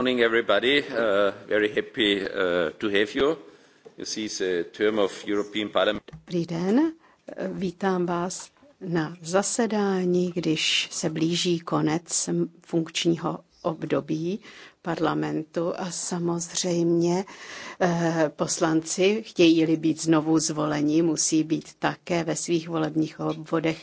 Morning, everybody. Uh, very happy uh, to have you. This is a term of European Parliament. Dobrý den, vítám vás na zasedání, když se blíží konec funkčního období parlamentu a samozřejmě eh, poslanci, chtějí-li být znovu zvoleni, musí být také ve svých volebních obvodech.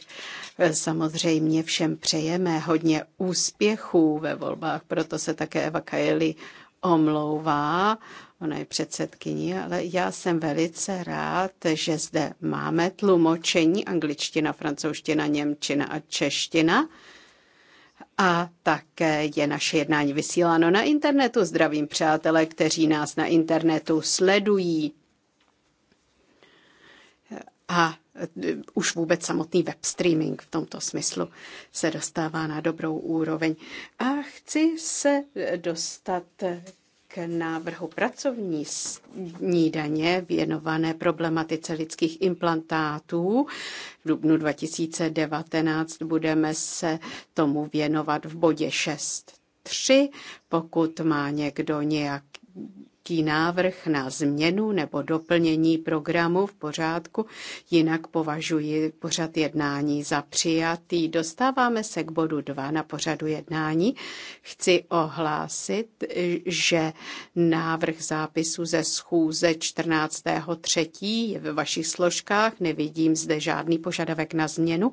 Eh, samozřejmě všem přejeme hodně úspěchů ve volbách, proto se také Eva Kajeli omlouvá, ona je předsedkyní, ale já jsem velice rád, že zde máme tlumočení angličtina, francouzština, němčina a čeština a také je naše jednání vysíláno na internetu. Zdravím přátelé, kteří nás na internetu sledují. A e, už vůbec samotný web streaming v tomto smyslu se dostává na dobrou úroveň. A chci se dostat návrhu pracovní daně věnované problematice lidských implantátů. V dubnu 2019 budeme se tomu věnovat v bodě 6.3. Pokud má někdo nějak nějaký návrh na změnu nebo doplnění programu v pořádku, jinak považuji pořad jednání za přijatý. Dostáváme se k bodu 2 na pořadu jednání. Chci ohlásit, že návrh zápisu ze schůze 14.3. je ve vašich složkách. Nevidím zde žádný požadavek na změnu,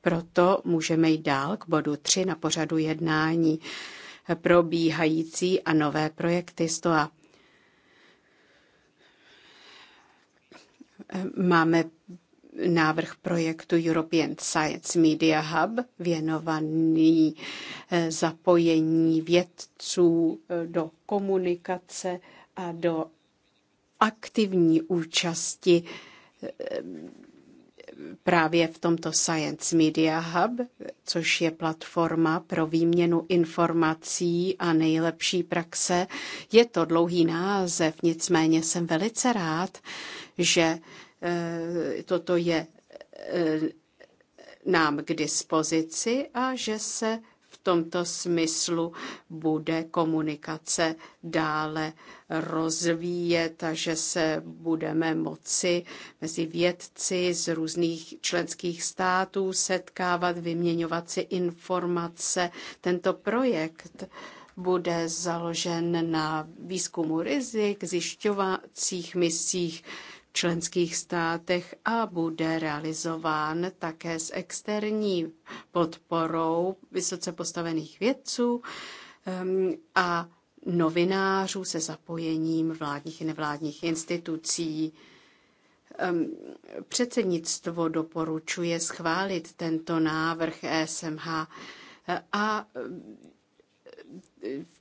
proto můžeme jít dál k bodu 3 na pořadu jednání probíhající a nové projekty STOA. Máme návrh projektu European Science Media Hub věnovaný eh, zapojení vědců eh, do komunikace a do aktivní účasti eh, právě v tomto Science Media Hub, což je platforma pro výměnu informací a nejlepší praxe. Je to dlouhý název, nicméně jsem velice rád, že Eh, toto je eh, nám k dispozici a že se v tomto smyslu bude komunikace dále rozvíjet a že se budeme moci mezi vědci z různých členských států setkávat, vyměňovat si informace. Tento projekt bude založen na výzkumu rizik, zjišťovacích misích, členských státech a bude realizován také s externí podporou vysoce postavených vědců a novinářů se zapojením vládních i nevládních institucí. Předsednictvo doporučuje schválit tento návrh e SMH a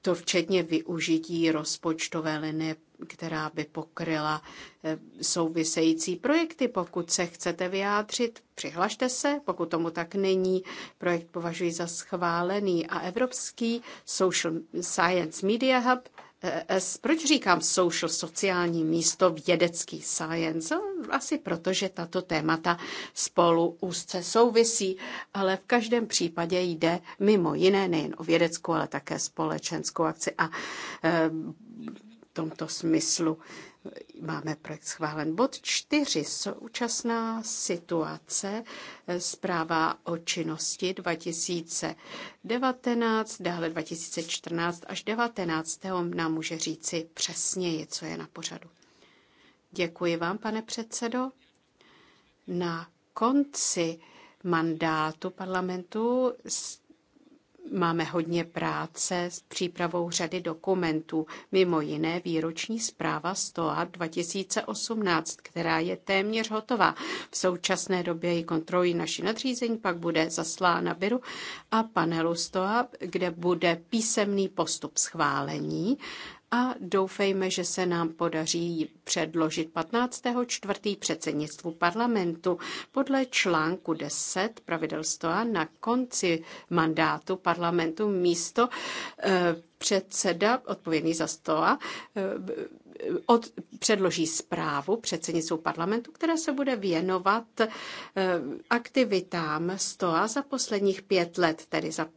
to včetně využití rozpočtové linie, která by pokryla eh, související projekty. Pokud se chcete vyjádřit, přihlašte se. Pokud tomu tak není, projekt považuji za schválený. A Evropský Social Science Media Hub ES. Proč říkám social, sociální místo vědecký science? Asi proto, že tato témata spolu úzce souvisí, ale v každém případě jde mimo jiné nejen o vědeckou, ale také společenskou akci. A e, tomto smyslu máme projekt schválen. Bod čtyři, současná situace, zpráva o činnosti 2019, dále 2014 až 2019. Nám může říci přesněji, co je na pořadu. Děkuji vám, pane předsedo. Na konci mandátu parlamentu Máme hodně práce s přípravou řady dokumentů, mimo jiné výroční zpráva STOA 2018, která je téměř hotová. V současné době ji kontrolují naši nadřízení, pak bude zaslána byru a panelu STOA, kde bude písemný postup schválení a doufejme, že se nám podaří předložit 15. čtvrtý předsednictvu parlamentu. Podle článku 10 pravidel stoa na konci mandátu parlamentu místo eh, předseda odpovědný za stoa eh, od, předloží zprávu předsednictvu parlamentu, která se bude věnovat eh, aktivitám STOA za posledních pět let, tedy za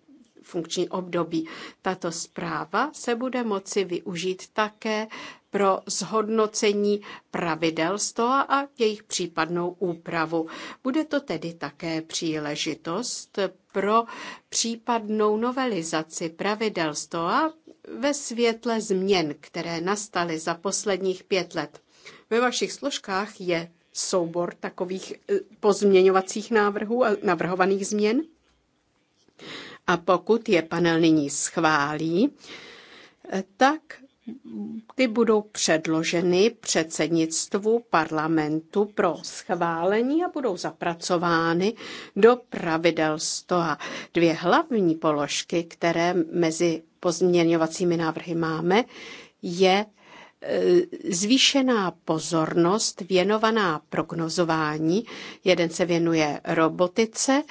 funkční období. Tato zpráva se bude moci využít také pro zhodnocení pravidel STOA a jejich případnou úpravu. Bude to tedy také příležitost pro případnou novelizaci pravidel STOA ve světle změn, které nastaly za posledních pět let. Ve vašich složkách je soubor takových eh, pozměňovacích návrhů a navrhovaných změn. A pokud je panel nyní schválí, tak ty budou předloženy předsednictvu parlamentu pro schválení a budou zapracovány do pravidel 100. Dvě hlavní položky, které mezi pozměňovacími návrhy máme, je e, zvýšená pozornost věnovaná prognozování. Jeden se věnuje robotice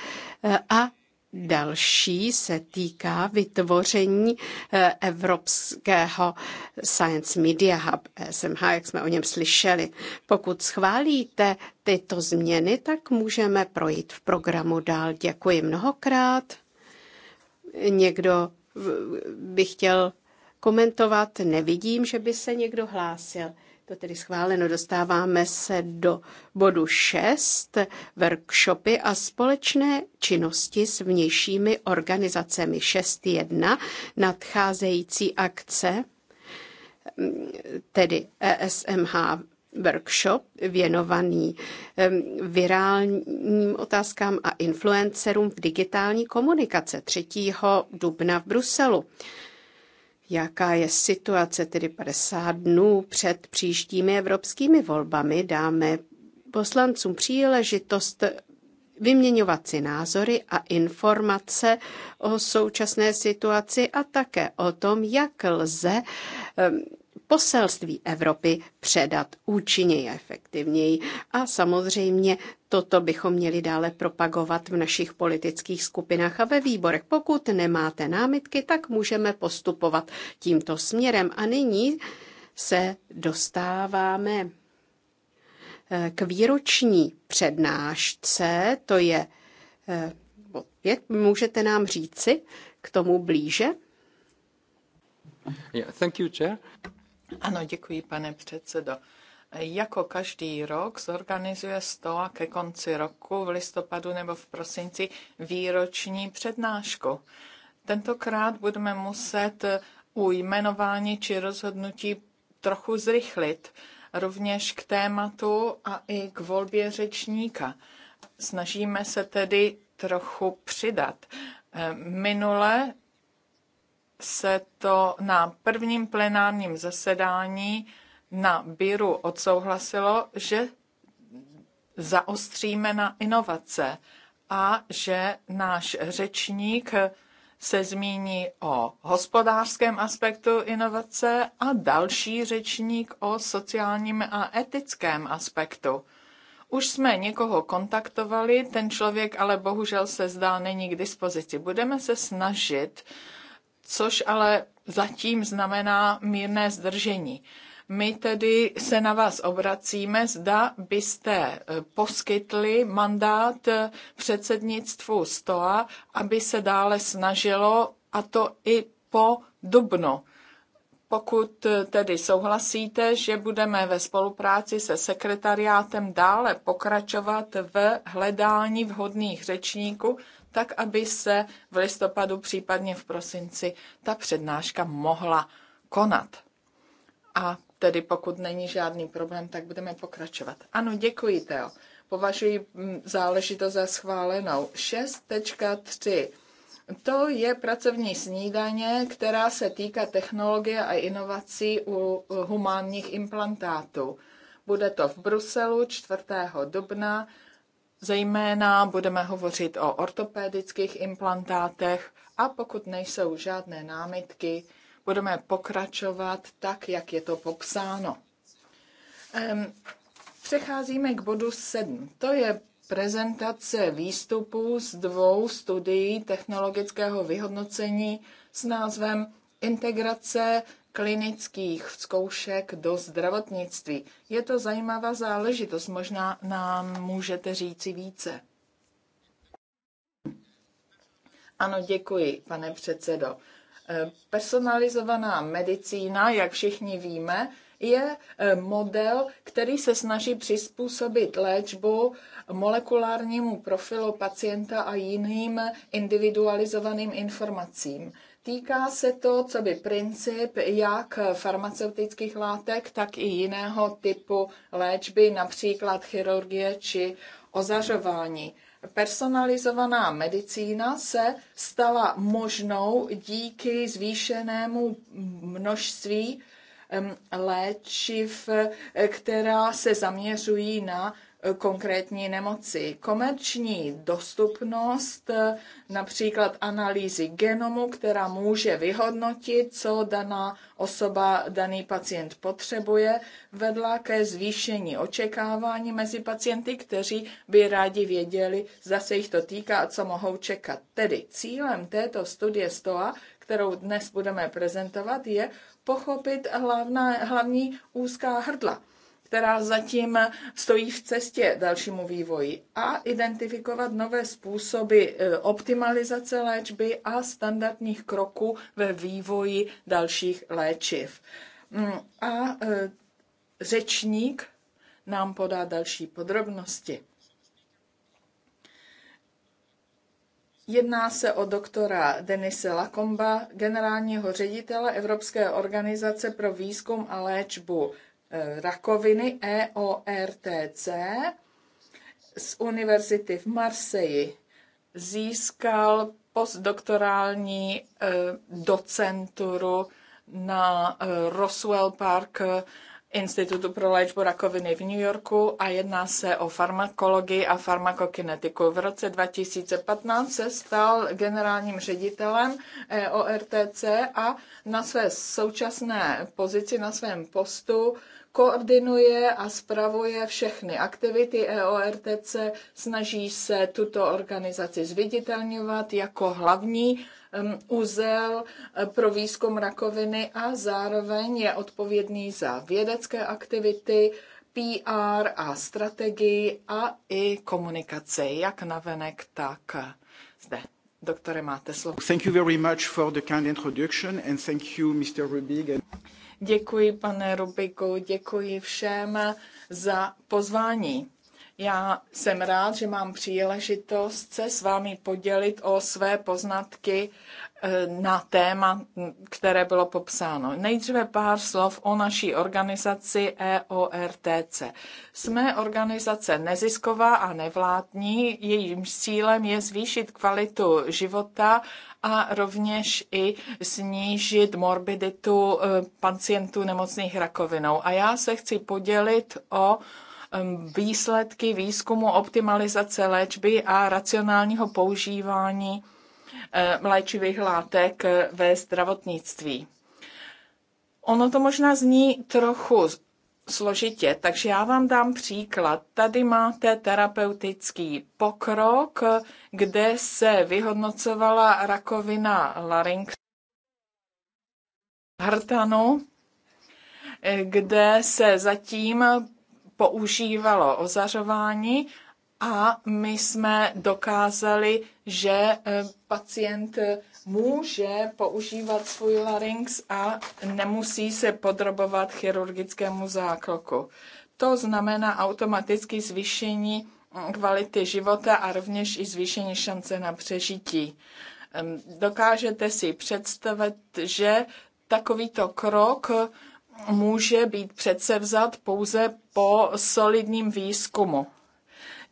e, a Další se týká vytvoření eh, Evropského Science Media Hub, SMH, jak jsme o něm slyšeli. Pokud schválíte tyto změny, tak můžeme projít v programu dál. Děkuji mnohokrát. Někdo by chtěl komentovat, nevidím, že by se někdo hlásil. To tedy schváleno. Dostáváme se do bodu 6, workshopy a společné činnosti s vnějšími organizacemi 6.1, nadcházející akce, tedy ESMH workshop věnovaný virálním otázkám a influencerům v digitální komunikace 3. dubna v Bruselu. Jaká je situace tedy 50 dnů před příštími evropskými volbami? Dáme poslancům příležitost vyměňovat si názory a informace o současné situaci a také o tom, jak lze poselství Evropy předat účinněji a efektivněji. A samozřejmě toto bychom měli dále propagovat v našich politických skupinách a ve výborech. Pokud nemáte námitky, tak můžeme postupovat tímto směrem. A nyní se dostáváme eh, k výroční přednášce, to eh, je, můžete nám říci k tomu blíže? Yeah, thank you, chair. Ano, děkuji, pane předsedo. Jako každý rok zorganizuje STOA ke konci roku v listopadu nebo v prosinci výroční přednášku. Tentokrát budeme muset u jmenování či rozhodnutí trochu zrychlit, rovněž k tématu a i k volbě řečníka. Snažíme se tedy trochu přidat. Minule se to na prvním plenárním zasedání na Bíru odsouhlasilo, že zaostříme na inovace a že náš řečník se zmíní o hospodářském aspektu inovace a další řečník o sociálním a etickém aspektu. Už jsme někoho kontaktovali, ten člověk ale bohužel se zdá není k dispozici. Budeme se snažit uh, což ale zatím znamená mírné zdržení. My tedy se na vás obracíme, zda byste eh, poskytli mandát eh, předsednictvu STOA, aby se dále snažilo, a to i po dubnu pokud eh, tedy souhlasíte, že budeme ve spolupráci se sekretariátem dále pokračovat v hledání vhodných řečníků, tak aby se v listopadu, případně v prosinci, ta přednáška mohla konat. A tedy pokud není žádný problém, tak budeme pokračovat. Ano, děkuji, Teo. Považuji mm, záležitost za schválenou. 6.3 to je pracovní snídaně, která se týká technologie a inovací u humánních implantátů. Bude to v Bruselu 4. dubna. Zejména budeme hovořit o ortopedických implantátech a pokud nejsou žádné námitky, budeme pokračovat tak, jak je to popsáno. Přecházíme k bodu 7. To je prezentace výstupů z dvou studií technologického vyhodnocení s názvem Integrace klinických zkoušek do zdravotnictví. Je to zajímavá záležitost, možná nám můžete říci více. Ano, děkuji, pane předsedo. Personalizovaná medicína, jak všichni víme, je eh, model, který se snaží přizpůsobit léčbu molekulárnímu profilu pacienta a jiným individualizovaným informacím. Týká se to, co by princip jak farmaceutických látek, tak i jiného typu léčby, například chirurgie či ozařování. Personalizovaná medicína se stala možnou díky zvýšenému množství léčiv, eh, která se zaměřují na eh, konkrétní nemoci. Komerční dostupnost, eh, například analýzy genomu, která může vyhodnotit, co daná osoba, daný pacient potřebuje, vedla ke zvýšení očekávání mezi pacienty, kteří by rádi věděli, zda se jich to týká a co mohou čekat. Tedy cílem této studie STOA, kterou dnes budeme prezentovat, je pochopit hlavná, hlavní úzká hrdla, která zatím stojí v cestě dalšímu vývoji a identifikovat nové způsoby e, optimalizace léčby a standardních kroků ve vývoji dalších léčiv. Mm, a e, řečník nám podá další podrobnosti. Jedná se o doktora Denise Lakomba, generálního ředitele Evropské organizace pro výzkum a léčbu eh, rakoviny EORTC z univerzity v Marseji. Získal postdoktorální eh, docenturu na eh, Roswell Park Institutu pro léčbu rakoviny v New Yorku a jedná se o farmakologii a farmakokinetiku. V roce 2015 se stal generálním ředitelem e ORTC a na své současné pozici, na svém postu koordinuje a spravuje všechny aktivity EORTC, snaží se tuto organizaci zviditelňovat jako hlavní úzel eh, pro výzkum rakoviny a zároveň je odpovědný za vědecké aktivity, PR a strategii a i komunikaci, jak navenek, tak eh, zde. Doktore, máte slovo. Thank you very much for the kind introduction and thank you, Mr. Rubig. And... Děkuji, pane Rubiku, děkuji všem za pozvání. Já jsem rád, že mám příležitost se s vámi podělit o své poznatky E, na téma, které bylo popsáno. Nejdříve pár slov o naší organizaci EORTC. Jsme organizace nezisková a nevládní, jejím cílem je zvýšit kvalitu života a rovněž i snížit morbiditu e, pacientů nemocných rakovinou. A já se chci podělit o e, výsledky výzkumu optimalizace léčby a racionálního používání mléčivých eh, látek eh, ve zdravotnictví. Ono to možná zní trochu složitě, takže já vám dám příklad. Tady máte terapeutický pokrok, kde se vyhodnocovala rakovina larynx hrtanu, eh, kde se zatím používalo ozařování a my jsme dokázali, že eh, pacient může používat svůj larynx a nemusí se podrobovat chirurgickému zákroku. To znamená automaticky zvýšení mm, kvality života a rovněž i zvýšení šance na přežití. Ehm, dokážete si představit, že takovýto krok může být přece vzat pouze po solidním výzkumu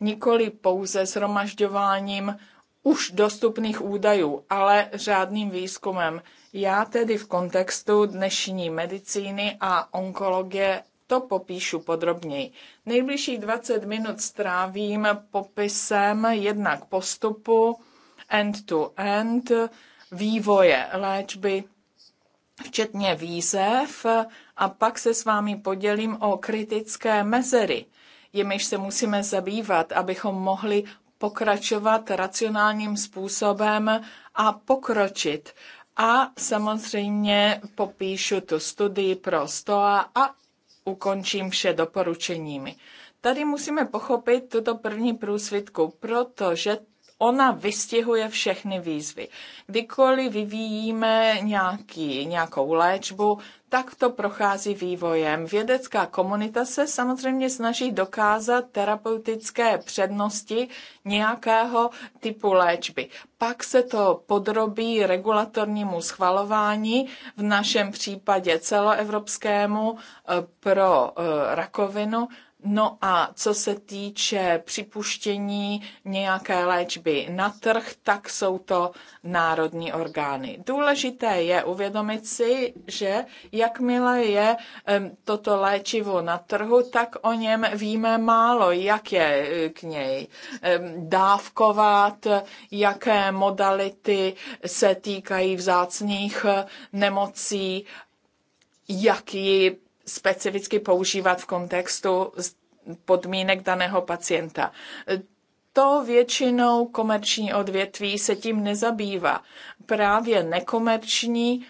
nikoli pouze shromažďováním už dostupných údajů, ale řádným výzkumem. Já tedy v kontextu dnešní medicíny a onkologie to popíšu podrobněji. Nejbližších 20 minut strávím popisem jednak postupu end-to-end, -end, vývoje léčby, včetně výzev, a pak se s vámi podělím o kritické mezery, jimiž se musíme zabývat, abychom mohli pokračovat racionálním způsobem a pokročit. A samozřejmě popíšu tu studii pro STOA a ukončím vše doporučeními. Tady musíme pochopit tuto první průsvitku, protože ona vystihuje všechny výzvy. Kdykoliv vyvíjíme nějaký, nějakou léčbu, tak to prochází vývojem. Vědecká komunita se samozřejmě snaží dokázat terapeutické přednosti nějakého typu léčby. Pak se to podrobí regulatornímu schvalování, v našem případě celoevropskému eh, pro eh, rakovinu No a co se týče připuštění nějaké léčby na trh, tak jsou to národní orgány. Důležité je uvědomit si, že jakmile je toto léčivo na trhu, tak o něm víme málo, jak je eh, k něj dávkovat, jaké modality se týkají vzácných eh, nemocí, jak ji specificky používat v kontextu podmínek daného pacienta. To většinou komerční odvětví se tím nezabývá. Právě nekomerční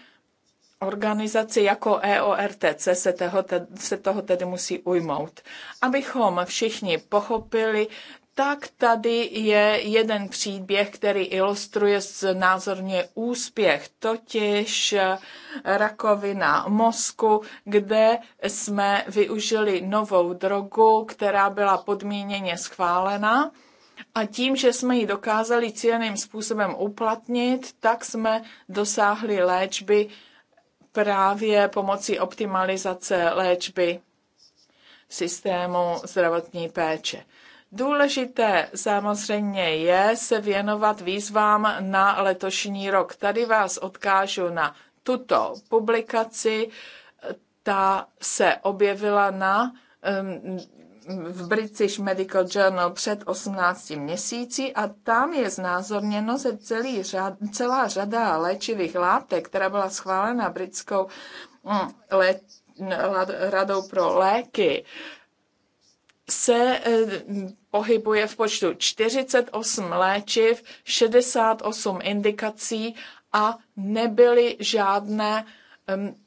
organizaci jako EORTC se toho, se toho tedy musí ujmout. Abychom všichni pochopili, tak tady je jeden příběh, který ilustruje názorně úspěch, totiž rakovina mozku, kde jsme využili novou drogu, která byla podmíněně schválena. A tím, že jsme ji dokázali cíleným způsobem uplatnit, tak jsme dosáhli léčby právě pomocí optimalizace léčby systému zdravotní péče. Důležité samozřejmě je se věnovat výzvám na letošní rok. Tady vás odkážu na tuto publikaci. Ta se objevila na um, v British Medical Journal před 18 měsíci a tam je znázorněno, že celý řad, celá řada léčivých látek, která byla schválena britskou um, radou pro léky, uh, se eh, pohybuje v počtu 48 léčiv, 68 indikací a nebyly žádné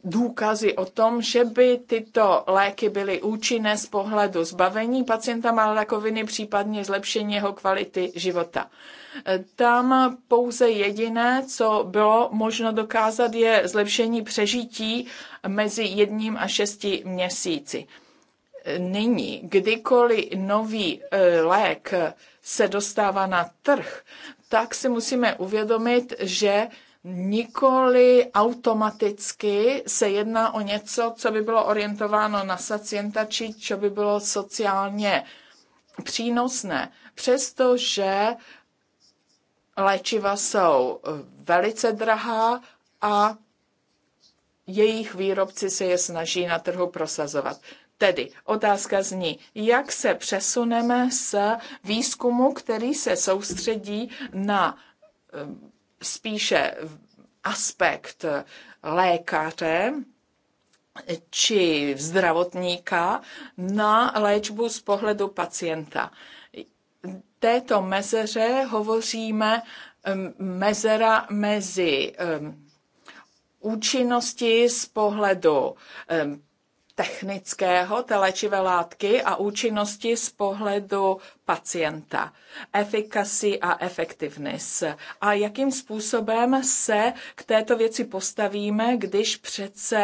důkazy o tom, že by tyto léky byly účinné z pohledu zbavení pacienta má rakoviny, případně zlepšení jeho kvality života. Eh, tam pouze jediné, co bylo možno dokázat, je zlepšení přežití mezi jedním a šesti měsíci nyní, kdykoliv nový e, lék se dostává na trh, tak si musíme uvědomit, že nikoli automaticky se jedná o něco, co by bylo orientováno na sacienta, či co by bylo sociálně přínosné. Přestože léčiva jsou e, velice drahá a jejich výrobci se je snaží na trhu prosazovat. Tedy otázka zní, jak se přesuneme z výzkumu, který se soustředí na eh, spíše aspekt lékaře, či zdravotníka na léčbu z pohledu pacienta. Této mezeře hovoříme eh, mezera mezi eh, účinnosti z pohledu technického té léčivé látky a účinnosti z pohledu pacienta, efficacy a effectiveness. A jakým způsobem se k této věci postavíme, když přece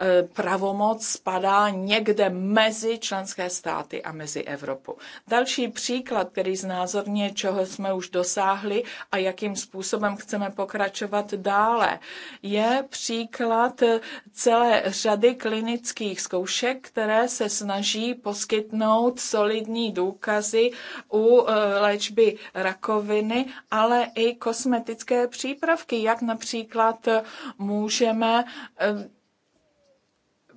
e, pravomoc spadá někde mezi členské státy a mezi Evropu. Další příklad, který znázorně, čeho jsme už dosáhli a jakým způsobem chceme pokračovat dále, je příklad celé řady klinických zkoušek, které se snaží poskytnout solidní důkazy u eh, léčby rakoviny, ale i kosmetické přípravky, jak například eh, můžeme eh,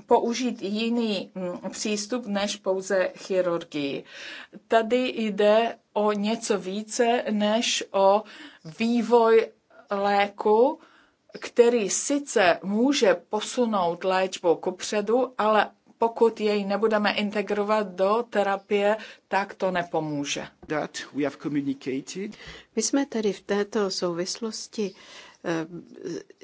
použít jiný mm, přístup než pouze chirurgii. Tady jde o něco více než o vývoj léku, který sice může posunout léčbu kupředu, ale pokud jej nebudeme integrovat do terapie, tak to nepomůže. That we have communicated. My jsme tedy v této souvislosti eh,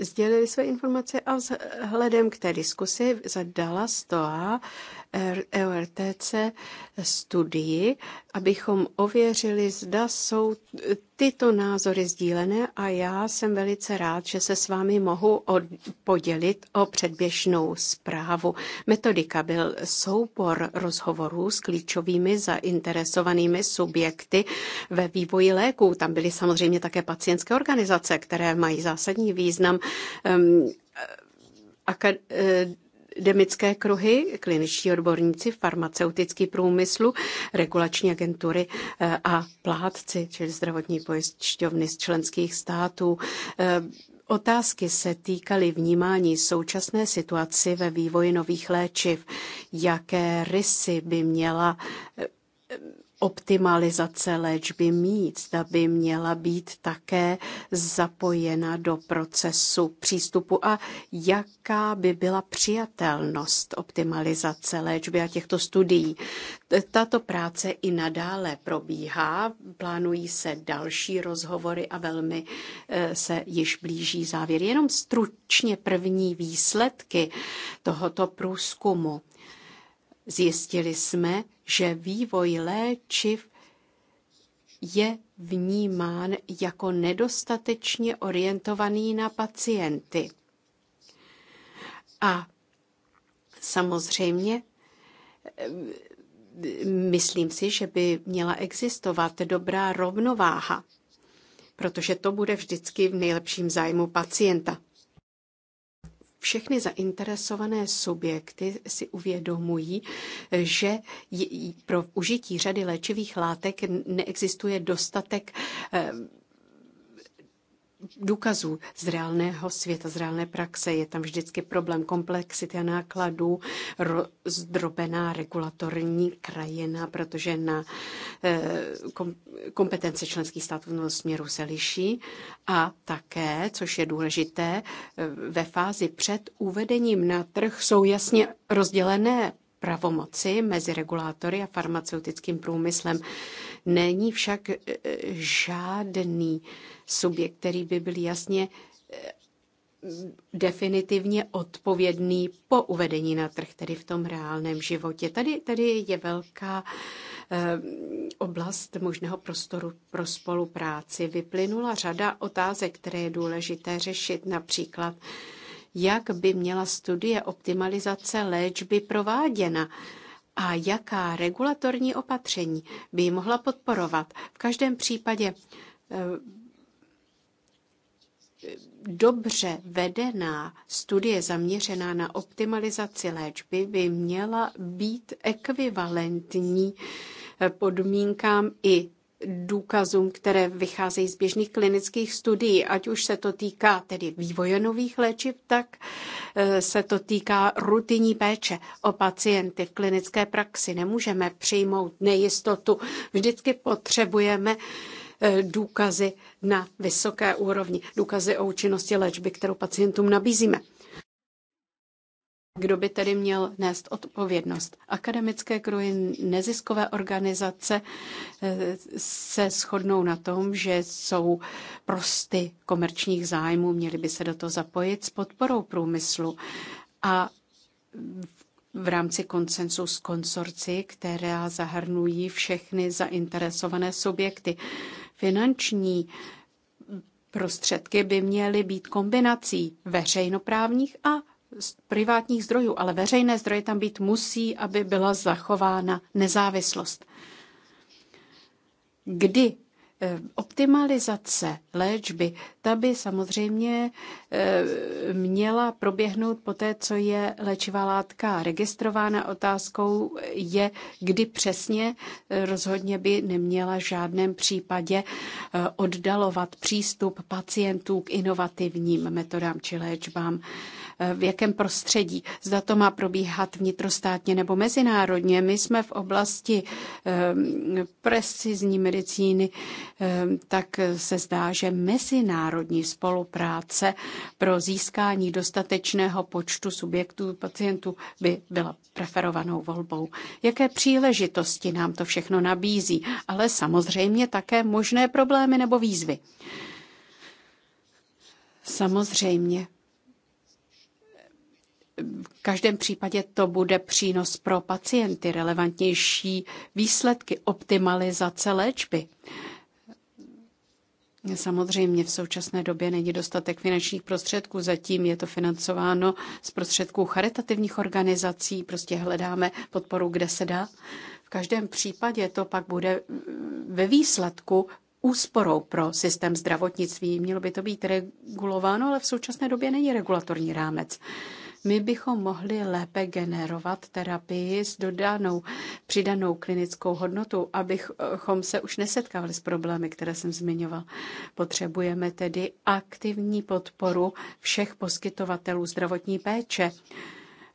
sdělili své informace a vzhledem k té diskusi zadala STOA ERTC studii abychom ověřili, zda jsou tyto názory sdílené a já jsem velice rád, že se s vámi mohu podělit o předběžnou zprávu. Metodika byl soubor rozhovorů s klíčovými zainteresovanými subjekty ve vývoji léků. Tam byly samozřejmě také pacientské organizace, které mají zásadní význam. Um, ehm, eh, akad- eh, akademické kruhy, kliničtí odborníci v farmaceutický průmyslu, regulační agentury eh, a plátci, čili zdravotní pojišťovny z členských států. Eh, otázky se týkaly vnímání současné situaci ve vývoji nových léčiv. Jaké rysy by měla eh, optimalizace léčby mít, zda by měla být také zapojena do procesu přístupu a jaká by byla přijatelnost optimalizace léčby a těchto studií. Tato práce i nadále probíhá, plánují se další rozhovory a velmi eh, se již blíží závěr. Jenom stručně první výsledky tohoto průzkumu. Zjistili jsme, že vývoj léčiv je vnímán jako nedostatečně orientovaný na pacienty. A samozřejmě eh, myslím si, že by měla existovat dobrá rovnováha, protože to bude vždycky v nejlepším zájmu pacienta všechny zainteresované subjekty si uvědomují, že pro užití řady léčivých látek neexistuje dostatek eh, důkazů z reálného světa, z reálné praxe. Je tam vždycky problém komplexity a nákladů, zdrobená regulatorní krajina, protože na eh, kompetence členských států v tom směru se liší. A také, což je důležité, eh, ve fázi před uvedením na trh jsou jasně rozdělené pravomoci mezi regulátory a farmaceutickým průmyslem. Není však e, e, žádný subjekt, který by byl jasně e, definitivně odpovědný po uvedení na trh, tedy v tom reálném životě. Tady, tady je velká oblast možného prostoru pro spolupráci. Vyplynula řada otázek, které je důležité řešit, například jak by měla studie optimalizace léčby prováděna a jaká regulatorní opatření by ji mohla podporovat. V každém případě eh, dobře vedená studie zaměřená na optimalizaci léčby by měla být ekvivalentní eh, podmínkám i důkazům, které vycházejí z běžných klinických studií, ať už se to týká tedy vývoje nových léčiv, tak eh, se to týká rutinní péče o pacienty v klinické praxi. Nemůžeme přijmout nejistotu. Vždycky potřebujeme eh, důkazy na vysoké úrovni, důkazy o účinnosti léčby, kterou pacientům nabízíme. Kdo by tedy měl nést odpovědnost? Akademické kruhy neziskové organizace eh, se shodnou na tom, že jsou prosty komerčních zájmů, měli by se do toho zapojit s podporou průmyslu. A v rámci koncensu s konsorci, která zahrnují všechny zainteresované subjekty. Finanční prostředky by měly být kombinací veřejnoprávních a z privátních zdrojů, ale veřejné zdroje tam být musí, aby byla zachována nezávislost. Kdy eh, Optimalizace léčby, ta by samozřejmě eh, měla proběhnout po té, co je léčivá látka registrována. Otázkou je, kdy přesně eh, rozhodně by neměla v žádném případě oddalovat přístup pacientů k inovativním metodám či léčbám. V jakém prostředí. Zda to má probíhat vnitrostátně nebo mezinárodně. My jsme v oblasti ehm, precizní medicíny, ehm, tak se zdá, že mezinárodní spolupráce pro získání dostatečného počtu subjektů pacientů by byla preferovanou volbou. Jaké příležitosti nám to všechno nabízí, ale samozřejmě také možné problémy nebo výzvy. Samozřejmě v každém případě to bude přínos pro pacienty, relevantnější výsledky, optimalizace léčby. Samozřejmě v současné době není dostatek finančních prostředků, zatím je to financováno z prostředků charitativních organizací, prostě hledáme podporu, kde se dá. V každém případě to pak bude ve výsledku úsporou pro systém zdravotnictví. Mělo by to být regulováno, ale v současné době není regulatorní rámec my bychom mohli lépe generovat terapii s dodanou přidanou klinickou hodnotou, abychom se už nesetkávali s problémy, které jsem zmiňoval. Potřebujeme tedy aktivní podporu všech poskytovatelů zdravotní péče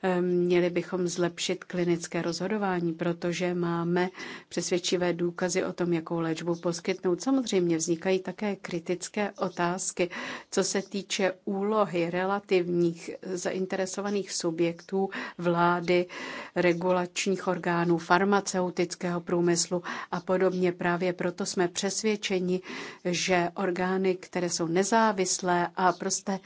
Ehm, měli bychom zlepšit klinické rozhodování, protože máme přesvědčivé důkazy o tom, jakou léčbu poskytnout. Samozřejmě vznikají také kritické otázky, co se týče úlohy relativních zainteresovaných subjektů, vlády, regulačních orgánů, farmaceutického průmyslu a podobně. Právě proto jsme přesvědčeni, že orgány, které jsou nezávislé a prostě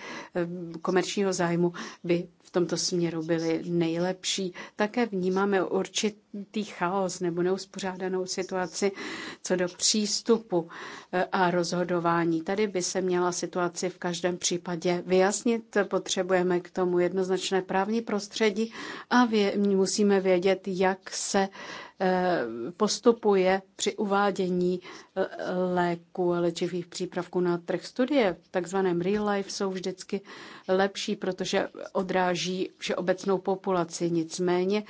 komerčního zájmu, by v tomto směru byli nejlepší. Také vnímáme určitý chaos nebo neuspořádanou situaci co do přístupu eh, a rozhodování. Tady by se měla situaci v každém případě vyjasnit. Potřebujeme k tomu jednoznačné právní prostředí a vě- musíme vědět, jak se postupuje při uvádění léku a léčivých přípravků na trh. Studie takzvaném real life jsou vždycky lepší, protože odráží všeobecnou populaci. Nicméně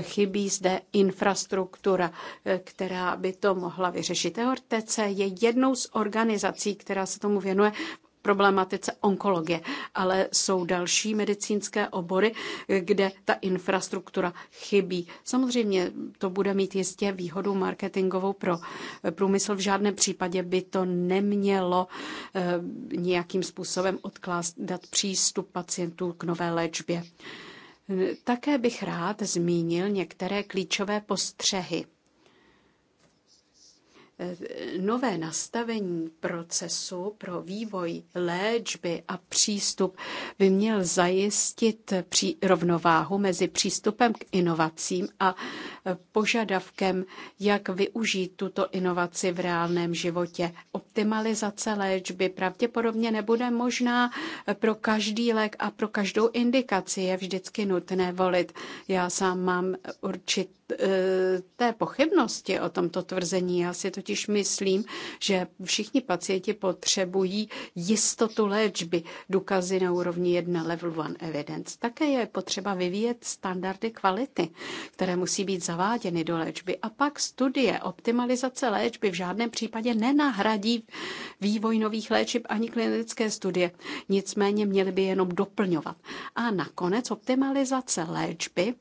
chybí zde infrastruktura, která by to mohla vyřešit. EORTC je jednou z organizací, která se tomu věnuje v problematice onkologie, ale jsou další medicínské obory, kde ta infrastruktura chybí. Samozřejmě to bude mít jistě výhodu marketingovou pro průmysl. V žádném případě by to nemělo eh, nějakým způsobem odkládat přístup pacientů k nové léčbě. Také bych rád zmínil některé klíčové postřehy Eh, nové nastavení procesu pro vývoj léčby a přístup by měl zajistit při rovnováhu mezi přístupem k inovacím a eh, požadavkem, jak využít tuto inovaci v reálném životě. Optimalizace léčby pravděpodobně nebude možná pro každý lék a pro každou indikaci je vždycky nutné volit. Já sám mám určit. Eh, té pochybnosti o tomto tvrzení. Já si totiž myslím, že všichni pacienti potřebují jistotu léčby, důkazy na úrovni 1 level 1 evidence. Také je potřeba vyvíjet standardy kvality, které musí být zaváděny do léčby. A pak studie optimalizace léčby v žádném případě nenahradí vývoj nových léčib ani klinické studie. Nicméně měly by jenom doplňovat. A nakonec optimalizace léčby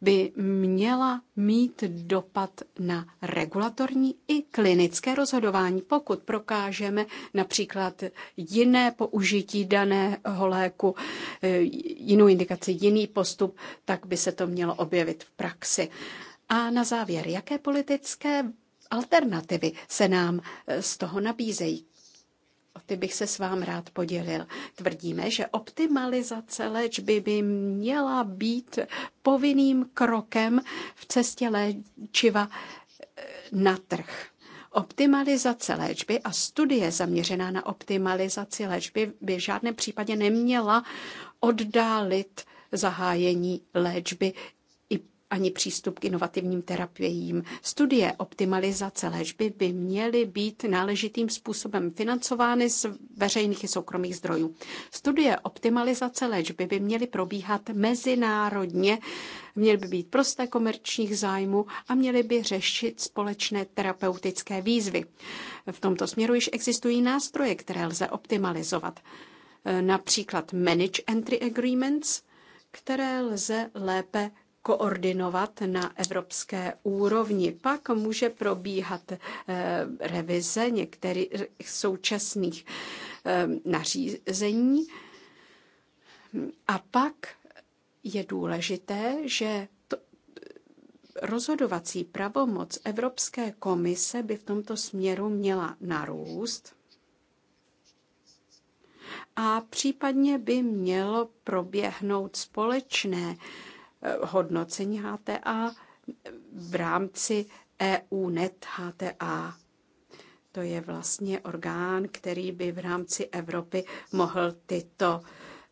by měla mít dopad na regulatorní i klinické rozhodování. Pokud prokážeme například jiné použití daného léku, eh, jinou indikaci, jiný postup, tak by se to mělo objevit v praxi. A na závěr, jaké politické alternativy se nám eh, z toho nabízejí? O ty bych se s vám rád podělil. Tvrdíme, že optimalizace léčby by měla být povinným krokem v cestě léčiva eh, na trh. Optimalizace léčby a studie zaměřená na optimalizaci léčby by v žádném případě neměla oddálit zahájení léčby ani přístup k inovativním terapiím. Studie optimalizace léčby by měly být náležitým způsobem financovány z veřejných i soukromých zdrojů. Studie optimalizace léčby by měly probíhat mezinárodně, měly by být prosté komerčních zájmů a měly by řešit společné terapeutické výzvy. V tomto směru již existují nástroje, které lze optimalizovat. Například Manage Entry Agreements, které lze lépe koordinovat na evropské úrovni. Pak může probíhat eh, revize některých současných eh, nařízení. A pak je důležité, že rozhodovací pravomoc Evropské komise by v tomto směru měla narůst a případně by mělo proběhnout společné Eh, hodnocení HTA v rámci EU net HTA. To je vlastně orgán, který by v rámci Evropy mohl tyto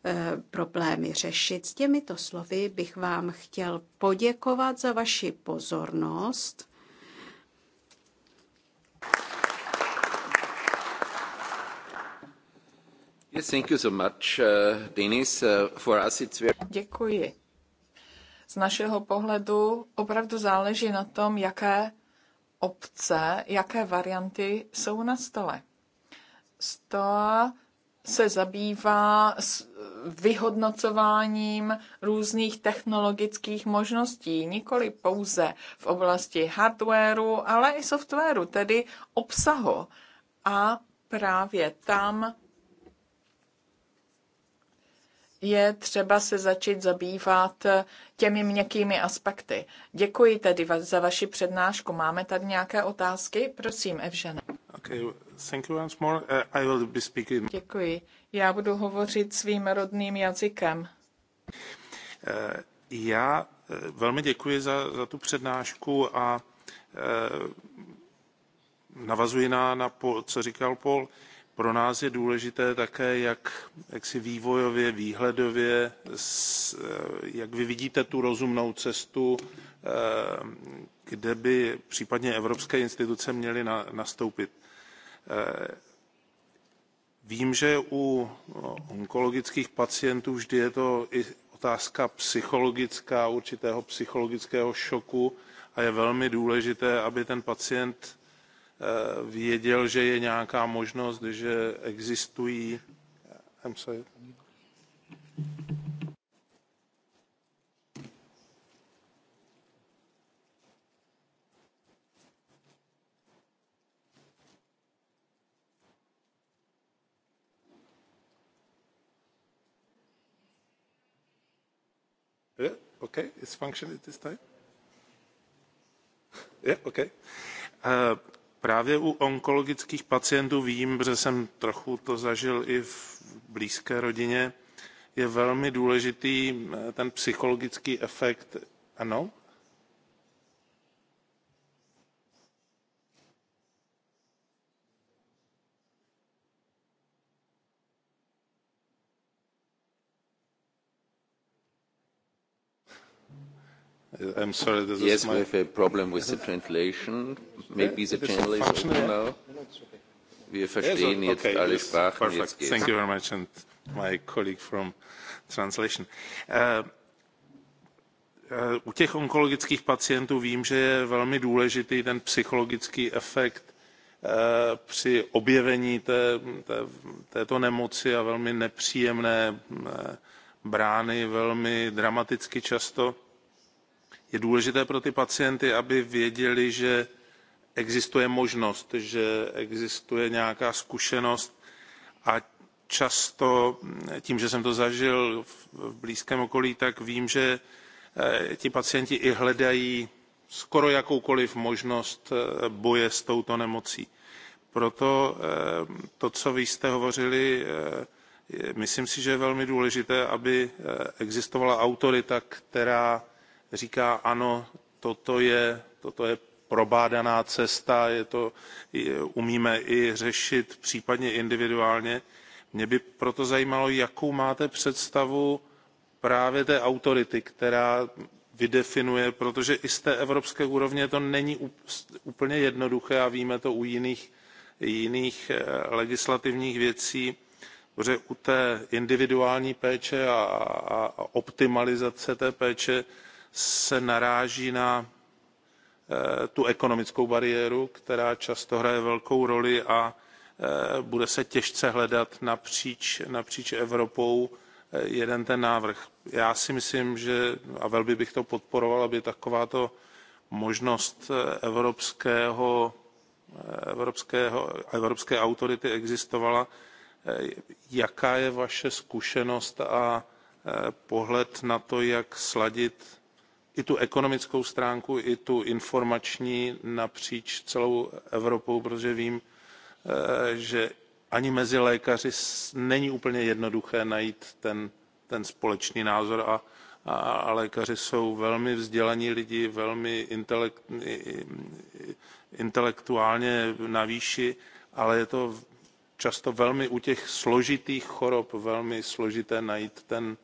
eh, problémy řešit. S těmito slovy bych vám chtěl poděkovat za vaši pozornost. Yes, thank you so much, eh, Denis. for us it's very... Děkuji z našeho pohledu opravdu záleží na tom, jaké obce, jaké varianty jsou na stole. Stoa se zabývá s vyhodnocováním různých technologických možností, nikoli pouze v oblasti hardwareu, ale i softwaru, tedy obsahu. A právě tam je třeba se začít zabývat eh, těmi měkkými aspekty. Děkuji tedy za vaši přednášku. Máme tady nějaké otázky? Prosím, Evžene. Okay, thank you once more. Uh, I will be speaking. Děkuji. Já budu hovořit svým rodným jazykem. Uh, já eh, velmi děkuji za, za tu přednášku a uh, navazuji na, na co říkal Paul. Uh, pro nás je důležité také, jak, jak si vývojově, výhledově, eh, jak vy vidíte tu rozumnou cestu, eh, kde by případně evropské instituce měly nastoupit. Eh, vím, že u no, onkologických pacientů vždy je to i otázka psychologická, určitého psychologického šoku a je velmi důležité, aby ten pacient Eh, věděl, že je nějaká možnost, že existují. Eh, yeah, okay, it's functioning this time. Yeah, okay. Uh, Právě u onkologických pacientů vím, protože jsem trochu to zažil i v blízké rodině, je velmi důležitý eh, ten psychologický efekt. Ano? I'm sorry, this yes, my... we have a problem with the translation. Maybe the channel is open now. No, no, Wir verstehen yes, okay, jetzt alle yes, Sprachen. Perfect. Jetzt geht's. Thank you very much and my colleague from translation. Uh, u těch onkologických pacientů vím, že je velmi důležitý ten psychologický efekt eh, při objevení té, té, této nemoci a velmi nepříjemné brány, velmi dramaticky často je důležité pro ty pacienty aby věděli že existuje možnost že existuje nějaká zkušenost a často tím že jsem to zažil v blízkém okolí tak vím že eh, ti pacienti i hledají skoro jakoukoliv možnost eh, boje s touto nemocí. proto eh, to co vy jste hovořili myslím si že je velmi důležité aby existovala autorita která říká ano, toto je, toto je probádaná cesta, je to, umíme i řešit případně individuálně. Mě by proto zajímalo, jakou máte představu právě té autority, která vydefinuje, protože i z té evropské úrovně to není úplně jednoduché a víme to u jiných, jiných eh, legislativních věcí, protože u té individuální péče a, a optimalizace té péče se naráží na eh, tu ekonomickou bariéru, která často hraje velkou roli a eh, bude se těžce hledat napříč, napříč Evropou eh, jeden ten návrh. Já si myslím, že a velmi bych to podporoval, aby takováto možnost evropského, evropského, evropské autority existovala. Jaká je vaše zkušenost a pohled na to, jak sladit i tu ekonomickou stránku i tu informační napříč celou evropou protože vím eh, že ani mezi lékaři není úplně jednoduché najít ten, ten společný názor a, a, a lékaři jsou velmi vzdělaní lidé velmi intelekt, intelektuálně na výši ale je to často velmi u těch složitých chorob velmi složité najít ten,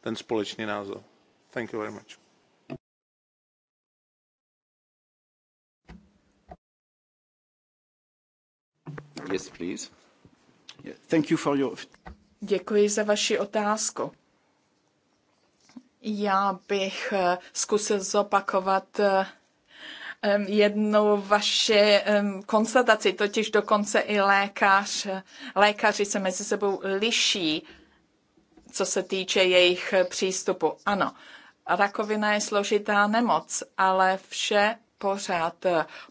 ten společný názor. thank you very much. Yes, please. Thank you for your... Děkuji za vaši otázku. Já bych eh, zkusil zopakovat eh, jednou vaše konstataci, totiž dokonce i lékař, lékaři se mezi sebou liší, co se týče jejich přístupu. Ano, rakovina je složitá nemoc, ale vše pořád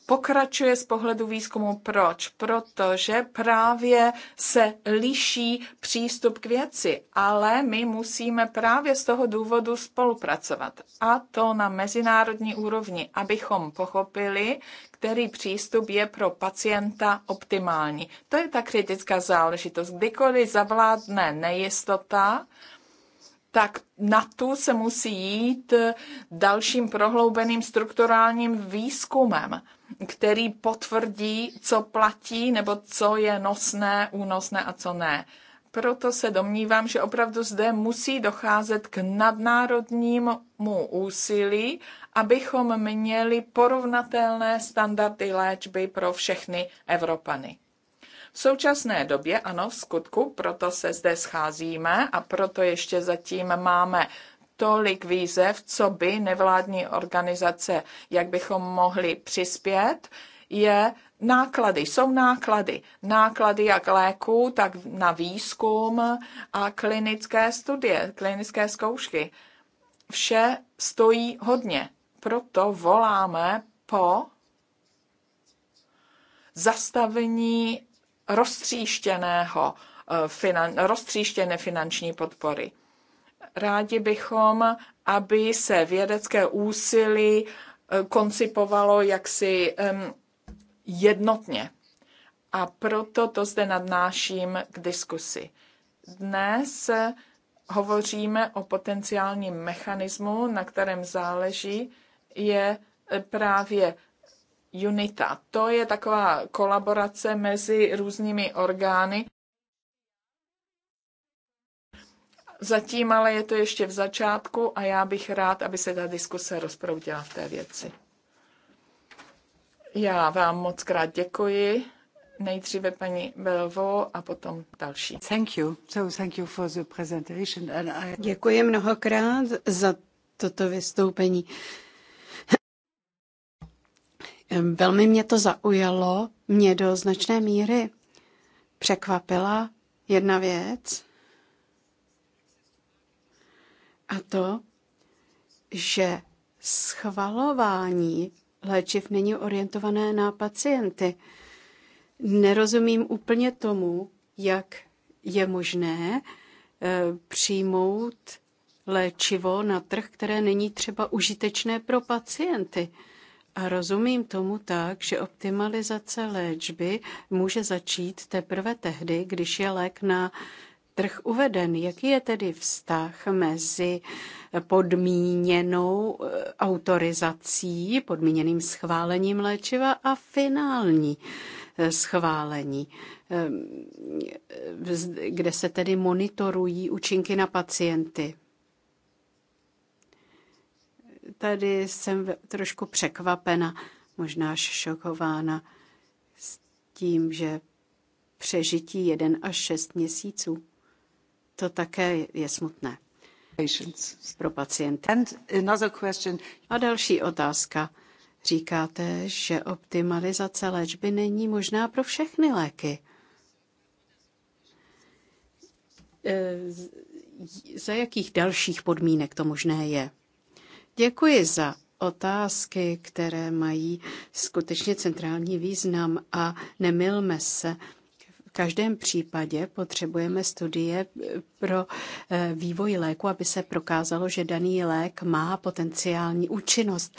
pokračuje z pohledu výzkumu. Proč? Protože právě se liší přístup k věci, ale my musíme právě z toho důvodu spolupracovat. A to na mezinárodní úrovni, abychom pochopili, který přístup je pro pacienta optimální. To je ta kritická záležitost. Kdykoliv zavládne nejistota, tak na tu se musí jít dalším prohloubeným strukturálním výzkumem, který potvrdí, co platí nebo co je nosné, únosné a co ne. Proto se domnívám, že opravdu zde musí docházet k nadnárodnímu úsilí, abychom měli porovnatelné standardy léčby pro všechny Evropany. V současné době, ano, v skutku, proto se zde scházíme a proto ještě zatím máme tolik výzev, co by nevládní organizace, jak bychom mohli přispět, je náklady, jsou náklady. Náklady jak léků, tak na výzkum a klinické studie, klinické zkoušky. Vše stojí hodně. Proto voláme po zastavení roztříštěného eh, finan, roztříštěné finanční podpory. Rádi bychom, aby se vědecké úsilí eh, koncipovalo jaksi jednotně. A proto to zde nadnáším k diskusi. Dnes eh, hovoříme o potenciálním mechanismu, na kterém záleží, je právě UNITA. To je taková kolaborace mezi různými orgány. Zatím ale je to ještě v začátku a já bych rád, aby se ta diskuse rozproudila v té věci. Já vám moc krát děkuji. Nejdříve paní Belvo a potom další. Thank you. So thank you for the presentation and I... Děkuji mnohokrát za toto vystoupení. Velmi mě to zaujalo, mě do značné míry překvapila jedna věc, a to, že schvalování léčiv není orientované na pacienty. Nerozumím úplně tomu, jak je možné eh, přijmout léčivo na trh, které není třeba užitečné pro pacienty. A rozumím tomu tak, že optimalizace léčby může začít teprve tehdy, když je lék na trh uveden. Jaký je tedy vztah mezi podmíněnou eh, autorizací, podmíněným schválením léčiva a finální eh, schválení, ehm, eh, kde se tedy monitorují účinky na pacienty? tady jsem trošku překvapena, možná šokována s tím, že přežití jeden až šest měsíců, to také je smutné pro pacienty. A další otázka. Říkáte, že optimalizace léčby není možná pro všechny léky. E, za jakých dalších podmínek to možné je? Děkuji za otázky, které mají skutečně centrální význam a nemilme se. V každém případě potřebujeme studie pro eh, vývoj léku, aby se prokázalo, že daný lék má potenciální účinnost.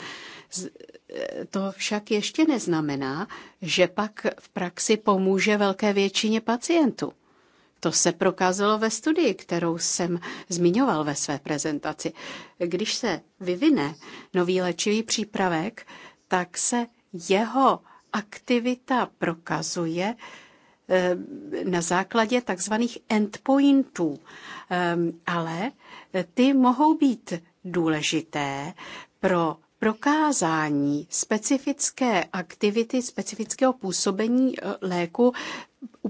Eh, to však ještě neznamená, že pak v praxi pomůže velké většině pacientů. To se prokázalo ve studii, kterou jsem zmiňoval ve své prezentaci. Když se vyvine nový léčivý přípravek, tak se jeho aktivita prokazuje eh, na základě takzvaných endpointů, ehm, ale eh, ty mohou být důležité pro prokázání specifické aktivity, specifického působení eh, léku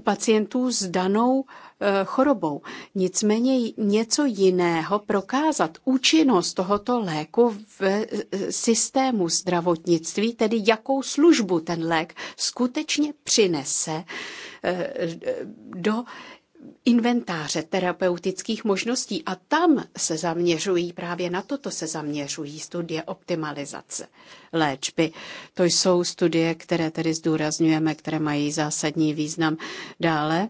u pacientů s danou eh, chorobou. Nicméně něco jiného prokázat účinnost tohoto léku v eh, systému zdravotnictví, tedy jakou službu ten lék skutečně přinese eh, do inventáře terapeutických možností a tam se zaměřují, právě na toto se zaměřují studie optimalizace léčby. To jsou studie, které tedy zdůrazňujeme, které mají zásadní význam. Dále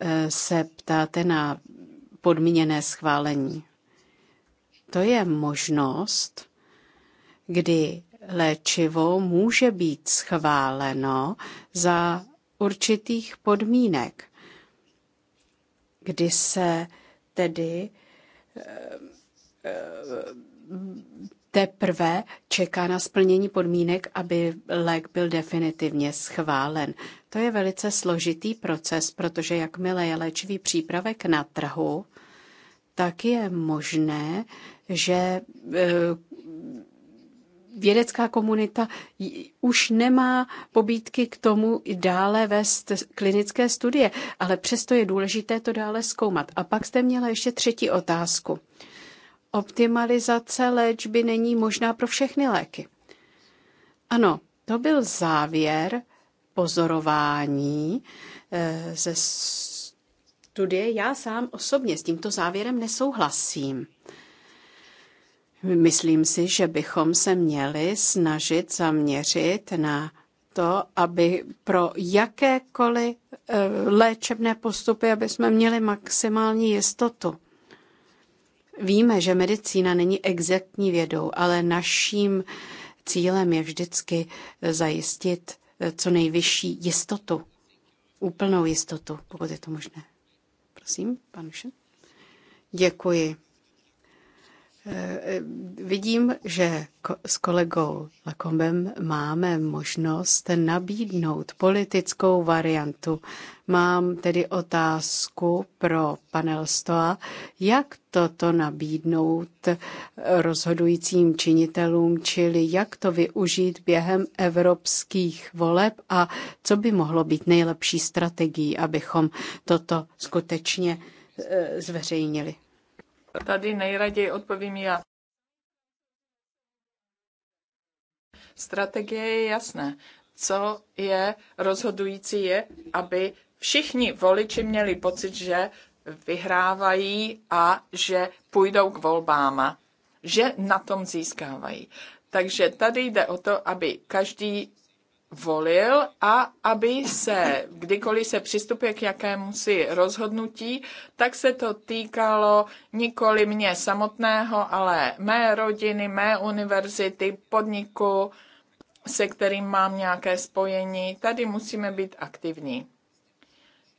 eh, se ptáte na podmíněné schválení. To je možnost, kdy léčivo může být schváleno za určitých podmínek, kdy se tedy eh, eh, teprve čeká na splnění podmínek, aby lék byl definitivně schválen. To je velice složitý proces, protože jakmile je léčivý přípravek na trhu, tak je možné, že eh, vědecká komunita už nemá pobídky k tomu dále vést klinické studie, ale přesto je důležité to dále zkoumat. A pak jste měla ještě třetí otázku. Optimalizace léčby není možná pro všechny léky. Ano, to byl závěr pozorování eh, ze studie. Já sám osobně s tímto závěrem nesouhlasím. Myslím si, že bychom se měli snažit zaměřit na to, aby pro jakékoliv eh, léčebné postupy, aby jsme měli maximální jistotu. Víme, že medicína není exaktní vědou, ale naším cílem je vždycky zajistit eh, co nejvyšší jistotu, úplnou jistotu, pokud je to možné. Prosím, pan Děkuji. Eh, eh, vidím, že s kolegou Lakombem máme možnost nabídnout politickou variantu. Mám tedy otázku pro panel STOA, jak toto nabídnout rozhodujícím činitelům, čili jak to využít během evropských voleb a co by mohlo být nejlepší strategií, abychom toto skutečně eh, zveřejnili tady nejraději odpovím já. Strategie je jasné. Co je rozhodující je, aby všichni voliči měli pocit, že vyhrávají a že půjdou k volbám, že na tom získávají. Takže tady jde o to, aby každý volil a aby se, kdykoliv se přistupuje k jakému si rozhodnutí, tak se to týkalo nikoli mě samotného, ale mé rodiny, mé univerzity, podniku, se kterým mám nějaké spojení. Tady musíme být aktivní.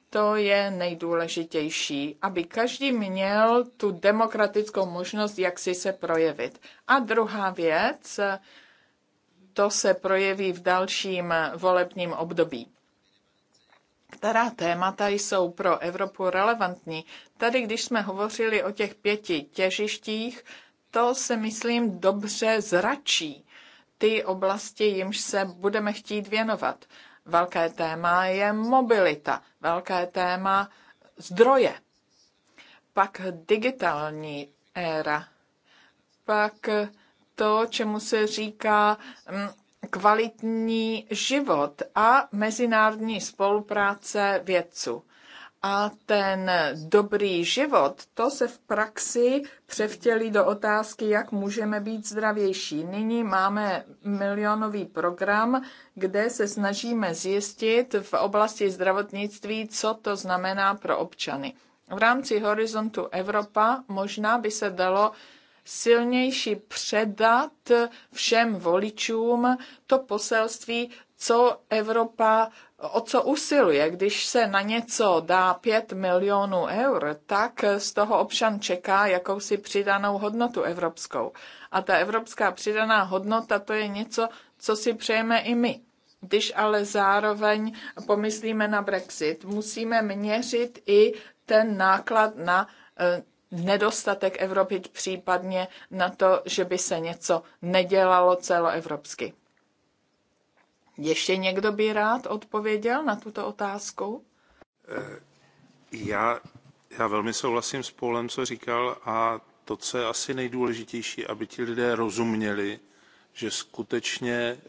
To je nejdůležitější, aby každý měl tu demokratickou možnost, jak si se projevit. A druhá věc, to se projeví v dalším volebním období. Která témata jsou pro Evropu relevantní? Tady, když jsme hovořili o těch pěti těžištích, to se, myslím, dobře zračí ty oblasti, jimž se budeme chtít věnovat. Velké téma je mobilita, velké téma zdroje, pak digitální éra, pak to, čemu se říká mm, kvalitní život a mezinárodní spolupráce vědců. A ten dobrý život, to se v praxi převtělí do otázky, jak můžeme být zdravější. Nyní máme milionový program, kde se snažíme zjistit v oblasti zdravotnictví, co to znamená pro občany. V rámci horizontu Evropa možná by se dalo silnější předat všem voličům to poselství, co Evropa, o co usiluje. Když se na něco dá 5 milionů eur, tak z toho občan čeká jakousi přidanou hodnotu evropskou. A ta evropská přidaná hodnota to je něco, co si přejeme i my. Když ale zároveň pomyslíme na Brexit, musíme měřit i ten náklad na eh, nedostatek Evropy, případně na to, že by se něco nedělalo celoevropsky. Ještě někdo by rád odpověděl na tuto otázku? Eh, já, já velmi souhlasím s Polem, co říkal, a to, co je asi nejdůležitější, aby ti lidé rozuměli, že skutečně eh,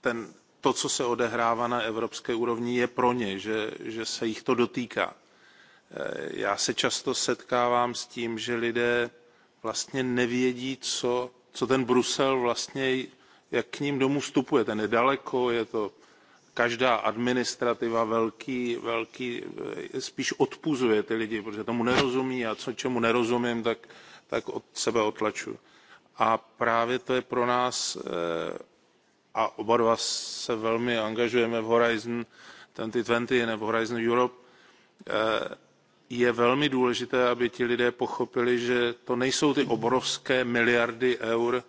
ten, to, co se odehrává na evropské úrovni, je pro ně, že, že se jich to dotýká Eh, já se často setkávám s tím, že lidé vlastně nevědí, co, co ten Brusel vlastně, jak k ním domů vstupuje. Ten je daleko, je to každá administrativa velký, velký eh, spíš odpuzuje ty lidi, protože tomu nerozumí a co čemu nerozumím, tak, tak od sebe otlaču. A právě to je pro nás, eh, a oba dva se velmi angažujeme v Horizon 2020 nebo Horizon Europe, je velmi důležité, aby ti lidé pochopili, že to nejsou ty obrovské miliardy eur,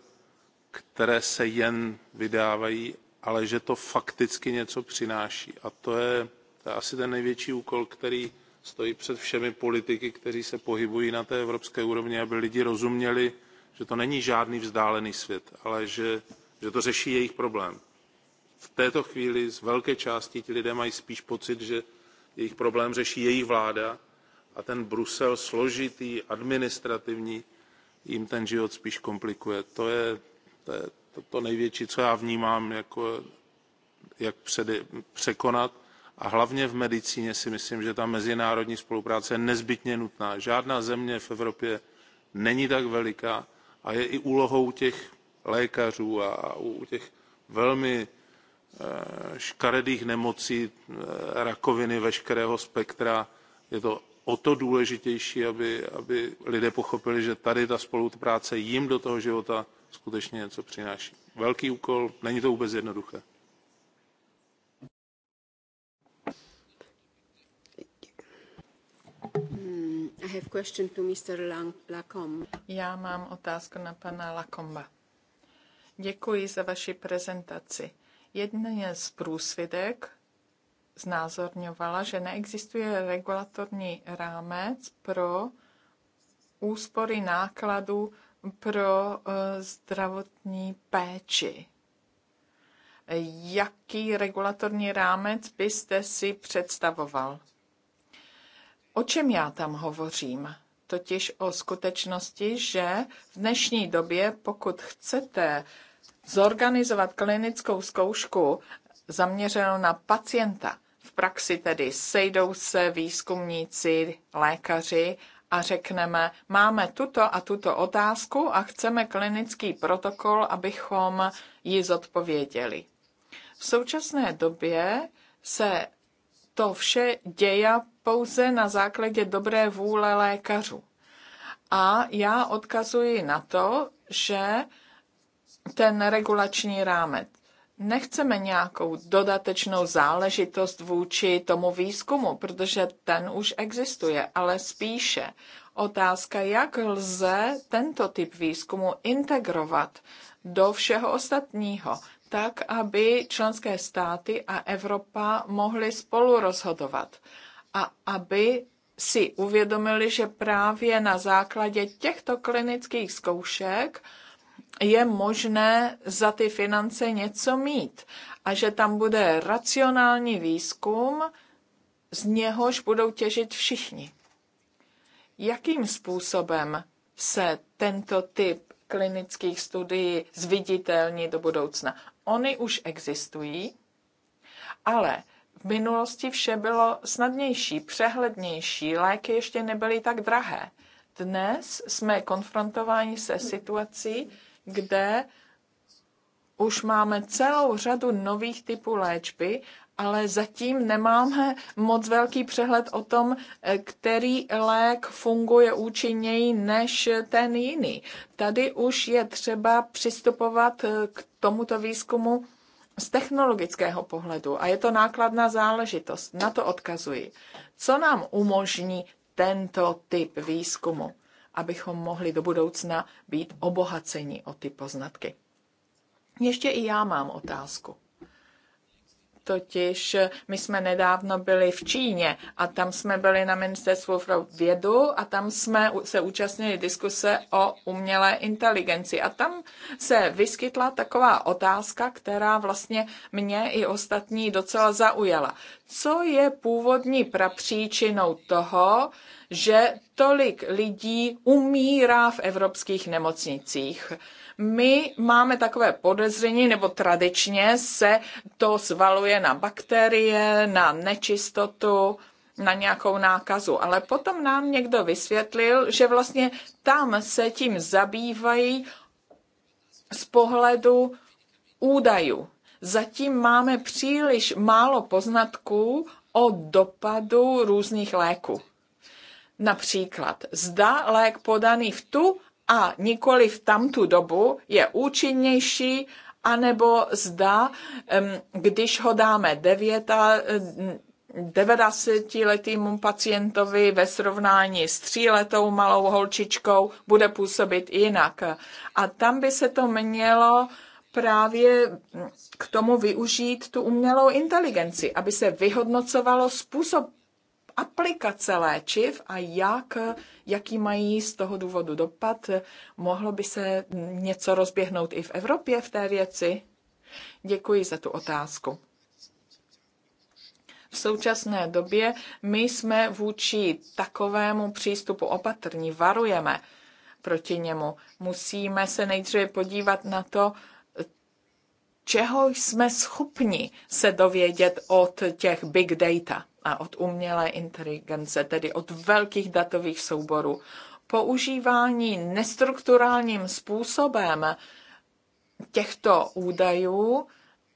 které se jen vydávají, ale že to fakticky něco přináší. A to je, to je asi ten největší úkol, který stojí před všemi politiky, kteří se pohybují na té evropské úrovni, aby lidi rozuměli, že to není žádný vzdálený svět, ale že, že to řeší jejich problém. V této chvíli z velké části ti lidé mají spíš pocit, že jejich problém řeší jejich vláda a ten Brusel složitý, administrativní, jim ten život spíš komplikuje. To je, to, je to největší, co já vnímám, jako, jak před, překonat. A hlavně v medicíně si myslím, že ta mezinárodní spolupráce je nezbytně nutná. Žádná země v Evropě není tak veliká a je i úlohou těch lékařů a u těch velmi eh, škaredých nemocí, eh, rakoviny veškerého spektra, je to o to důležitější, aby, aby lidé pochopili, že tady ta spolupráce jim do toho života skutečně něco přináší. Velký úkol, není to vůbec jednoduché. Hmm, I have question to Mr. Já mám otázku na pana Lacomba. Děkuji za vaši prezentaci. Jeden z průsvidek znázorňovala, že neexistuje regulatorní rámec pro úspory nákladů pro eh, zdravotní péči. Jaký regulatorní rámec byste si představoval? O čem já tam hovořím? Totiž o skutečnosti, že v dnešní době, pokud chcete zorganizovat klinickou zkoušku zaměřenou na pacienta, v praxi tedy sejdou se výzkumníci, lékaři a řekneme, máme tuto a tuto otázku a chceme klinický protokol, abychom ji zodpověděli. V současné době se to vše děje pouze na základě dobré vůle lékařů. A já odkazuji na to, že ten regulační rámec nechceme nějakou dodatečnou záležitost vůči tomu výzkumu, protože ten už existuje, ale spíše otázka, jak lze tento typ výzkumu integrovat do všeho ostatního, tak aby členské státy a Evropa mohly spolu rozhodovat a aby si uvědomili, že právě na základě těchto klinických zkoušek je možné za ty finance něco mít a že tam bude racionální výzkum, z něhož budou těžit všichni. Jakým způsobem se tento typ klinických studií zviditelní do budoucna? Ony už existují, ale v minulosti vše bylo snadnější, přehlednější, léky ještě nebyly tak drahé. Dnes jsme konfrontováni se situací, kde už máme celou řadu nových typů léčby, ale zatím nemáme moc velký přehled o tom, který lék funguje účinněji než ten jiný. Tady už je třeba přistupovat eh, k tomuto výzkumu z technologického pohledu a je to nákladná záležitost. Na to odkazuji. Co nám umožní tento typ výzkumu? abychom mohli do budoucna být obohaceni o ty poznatky. Ještě i já mám otázku. Totiž eh, my jsme nedávno byli v Číně a tam jsme byli na ministerstvu pro vědu a tam jsme se účastnili diskuse o umělé inteligenci. A tam se vyskytla taková otázka, která vlastně mě i ostatní docela zaujala. Co je původní prapříčinou toho, že tolik lidí umírá v evropských nemocnicích. My máme takové podezření, nebo tradičně se to zvaluje na bakterie, na nečistotu, na nějakou nákazu. Ale potom nám někdo vysvětlil, že vlastně tam se tím zabývají z pohledu údajů. Zatím máme příliš málo poznatků o dopadu různých léků. Například, zda lék podaný v tu a nikoli v tamtu dobu je účinnější, anebo zda, když ho dáme 90 letému pacientovi ve srovnání s tříletou malou holčičkou bude působit jinak. A tam by se to mělo právě k tomu využít tu umělou inteligenci, aby se vyhodnocovalo způsob aplikace léčiv a jak, jaký mají z toho důvodu dopad. Mohlo by se něco rozběhnout i v Evropě v té věci? Děkuji za tu otázku. V současné době my jsme vůči takovému přístupu opatrní, varujeme proti němu. Musíme se nejdříve podívat na to, čeho jsme schopni se dovědět od těch big data a od umělé inteligence, tedy od velkých datových souborů. Používání nestrukturálním způsobem těchto údajů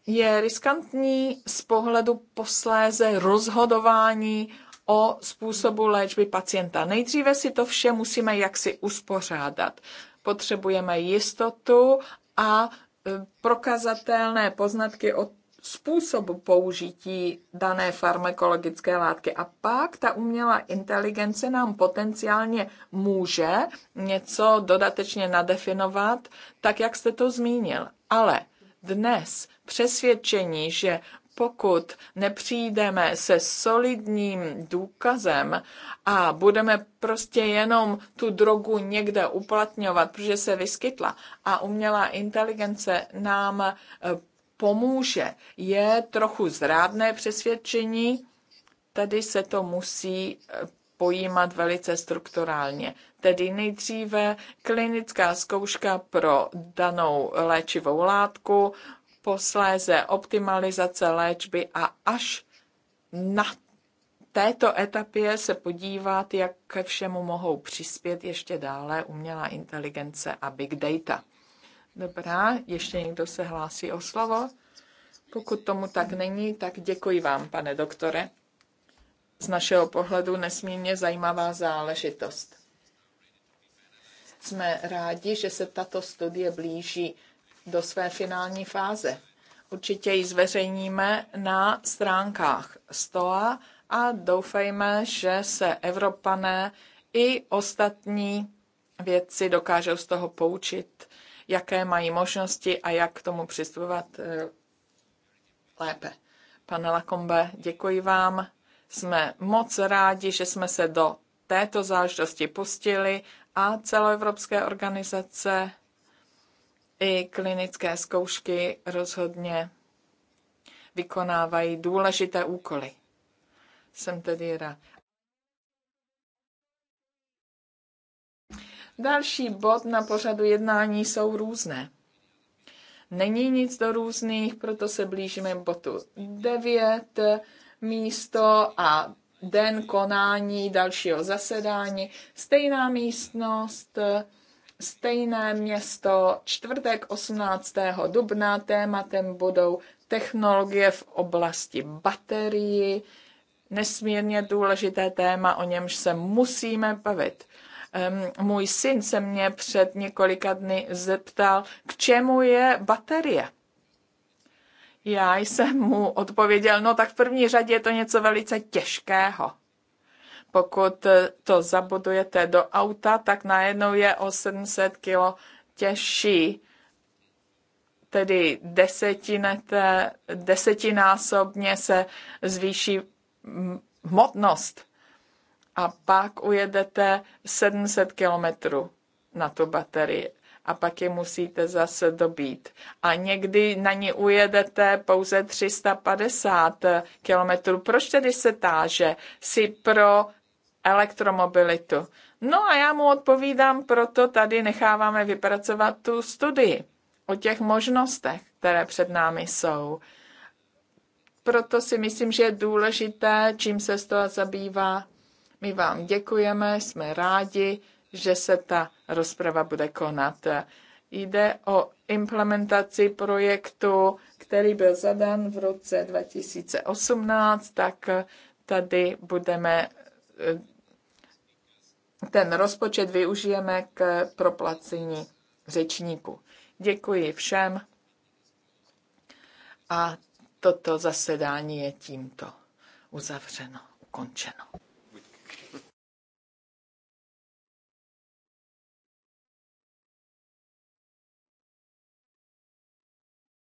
je riskantní z pohledu posléze rozhodování o způsobu léčby pacienta. Nejdříve si to vše musíme jaksi uspořádat. Potřebujeme jistotu a e, prokazatelné poznatky o způsobu použití dané farmakologické látky. A pak ta umělá inteligence nám potenciálně může něco dodatečně nadefinovat, tak jak jste to zmínil. Ale dnes přesvědčení, že pokud nepřijdeme se solidním důkazem a budeme prostě jenom tu drogu někde uplatňovat, protože se vyskytla a umělá inteligence nám eh, pomůže. Je trochu zrádné přesvědčení, tady se to musí e, pojímat velice strukturálně. Tedy nejdříve klinická zkouška pro danou léčivou látku, posléze optimalizace léčby a až na této etapě se podívat, jak ke všemu mohou přispět ještě dále umělá inteligence a big data. Dobrá, ještě někdo se hlásí o slovo? Pokud tomu tak není, tak děkuji vám, pane doktore. Z našeho pohledu nesmírně zajímavá záležitost. Jsme rádi, že se tato studie blíží do své finální fáze. Určitě ji zveřejníme na stránkách STOA a doufejme, že se Evropané i ostatní vědci dokážou z toho poučit jaké mají možnosti a jak k tomu přistupovat eh, lépe. Pane Lakombe, děkuji vám. Jsme moc rádi, že jsme se do této záležitosti pustili a celoevropské organizace i klinické zkoušky rozhodně vykonávají důležité úkoly. Jsem tedy rád. Další bod na pořadu jednání jsou různé. Není nic do různých, proto se blížíme botu 9, místo a den konání dalšího zasedání, stejná místnost, stejné město, čtvrtek 18. dubna, tématem budou technologie v oblasti baterií, nesmírně důležité téma, o němž se musíme bavit. Můj syn se mě před několika dny zeptal, k čemu je baterie. Já jsem mu odpověděl, no tak v první řadě je to něco velice těžkého. Pokud eh, to zabudujete do auta, tak najednou je o 700 kg těžší tedy desetinásobně se zvýší hmotnost a pak ujedete 700 kilometrů na tu baterii a pak je musíte zase dobít. A někdy na ní ujedete pouze 350 kilometrů. Proč tedy se táže si pro elektromobilitu? No a já mu odpovídám, proto tady necháváme vypracovat tu studii o těch možnostech, které před námi jsou. Proto si myslím, že je důležité, čím se z toho zabývá my vám děkujeme, jsme rádi, že se ta rozprava bude konat. Jde o implementaci projektu, který byl zadan v roce 2018, tak tady budeme eh, ten rozpočet využijeme k proplacení řečníku. Děkuji všem a toto zasedání je tímto uzavřeno, ukončeno.